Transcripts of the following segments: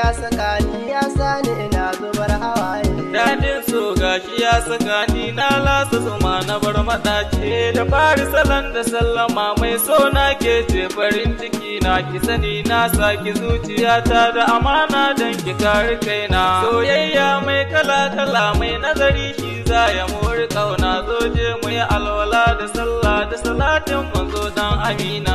ya saka ni ya sani ina zubar hawaye dadin so gashi ya saka ni na lasa zuma na bar madace da fari salon da sallama mai so na ke je farin ciki na ki sani na saki zuciyata da amana dan ki kare kaina soyayya mai kala kala mai nazari shi za ya mori kauna zo je mu yi alwala da sallah da salatin manzo dan amina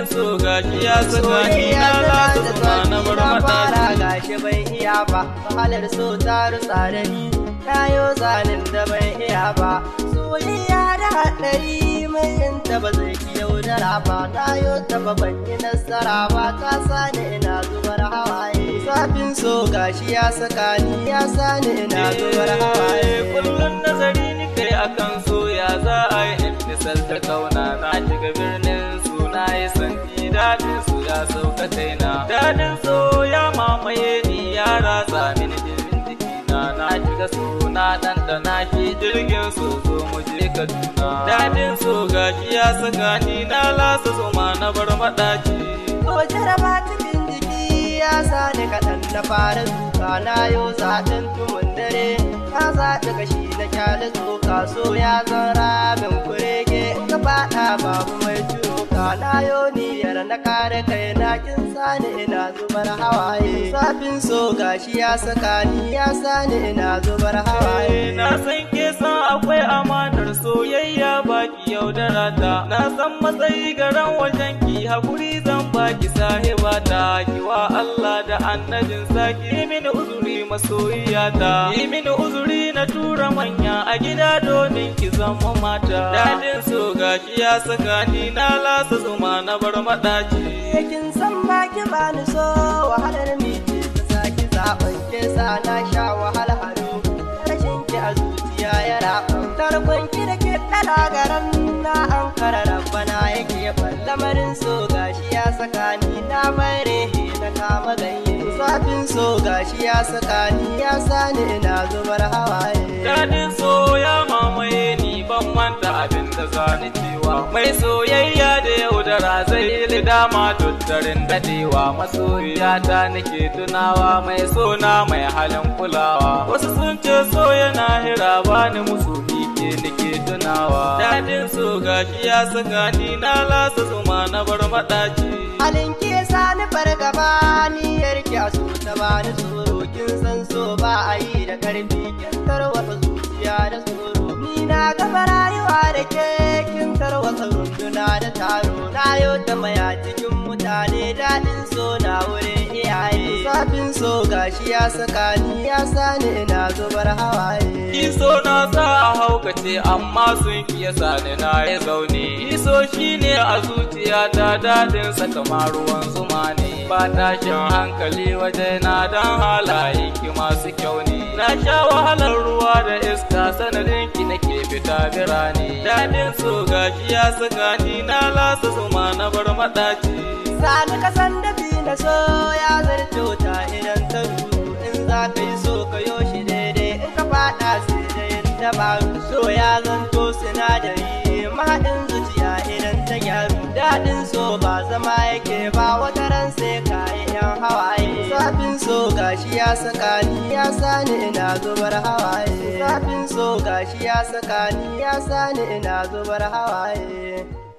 yin so gashi ya saka na lasu ba na bar Gashi bai iya ba, halar so ta rusa da ni, kayo zanen da bai iya ba. Soyayya da haɗari mai yin ta ba zai ki yaudara ba, tayo ta ba ban yi nasara ba, ta sa ina zubar hawaye. Zafin so gashi ya saka ni ya sa ina zubar hawaye. Eh, kullum nazari ni kai akan so ya za a yi in misalta kauna na shiga birnin na yi sanki daɗin su ya sauka kaina daɗin so ya mamaye ni ya ratsa mini jimin na shiga so na ɗanɗana ki jirgin so zo mu je kaduna daɗin so gashi ya saka ni na lasa zoma na bar maɗaci. ko jaraba cikin jiki ya sa ni kaɗan na fara zuka na yau zaɗin tumun dare ka zaɗi kashi na kyale tsoka so ya zan rabin kurege ka faɗa babu mai juna. zuwa na yoniyar na kare kai na kin sani ina zubar hawaye zafin so gashi ya saka ni ya sani ina zubar hawaye na san ke akwai amana soyayya baki yaudara ta na san matsayi garan wajen ki hakuri zan baki sahiba ta kiwa Allah da annajin saki ki mini uzuri masoyiya ta ki mini uzuri na tura manya a gida domin ki zama mata dadin so gashi ya saka ni na lasa zuma na bar madaci yakin eh, san ki bani so wahalar miji ta saki zaben ke sa na sha wahala haro rashin ki a zuci na yana kuntar kwanki da ke ɗala na an kara rabbana yake lamarin so gashi ya saka ni na bare na kama ganye zafin so gashi ya saka ni ya sani na zubar hawaye manta abin da zani cewa mai soyayya da yaudara zai yi dama duttarin dadewa masoyiya ta nake tunawa mai sona mai halin kulawa wasu sun ce so yana hira bani musu ke nake tunawa dadin so gashi ya saka ni na lasa zuma na bar madaci halin ke sani fargaba ni yarki a so ta bani tsoro kin san so ba a yi da karfi kin tarwata zuciya da tsoro ni na gabara da ke kin tarwata runduna da taro na yau da maya cikin mutane daɗin so na wurin iyaye safin so gashi ya saka ni ya sani na zubar hawaye iso na sa a haukace amma sun kiya sani na ya zaune iso ne a zuciya ta daɗin saka ruwan zuma ne ba tashin hankali wajen na dan halaye ki masu kyau ne na sha wahalar ruwa da iska sanadin ki cika birane daɗin su gashi ya sakani na su ma na bar maɗaci sani kasan dafi na so ya zarto ta idan ta in za ka yi so ka yo shi daidai in ka faɗa su da yin dabaru so ya zanto sinadari mahaɗin zuciya idan ta gyaru daɗin so ba zama yake ba wata ransa gashi ya saka ni ya sani ina zubar hawaye zafin so gashi ya saka ni ya sani ina zubar hawaye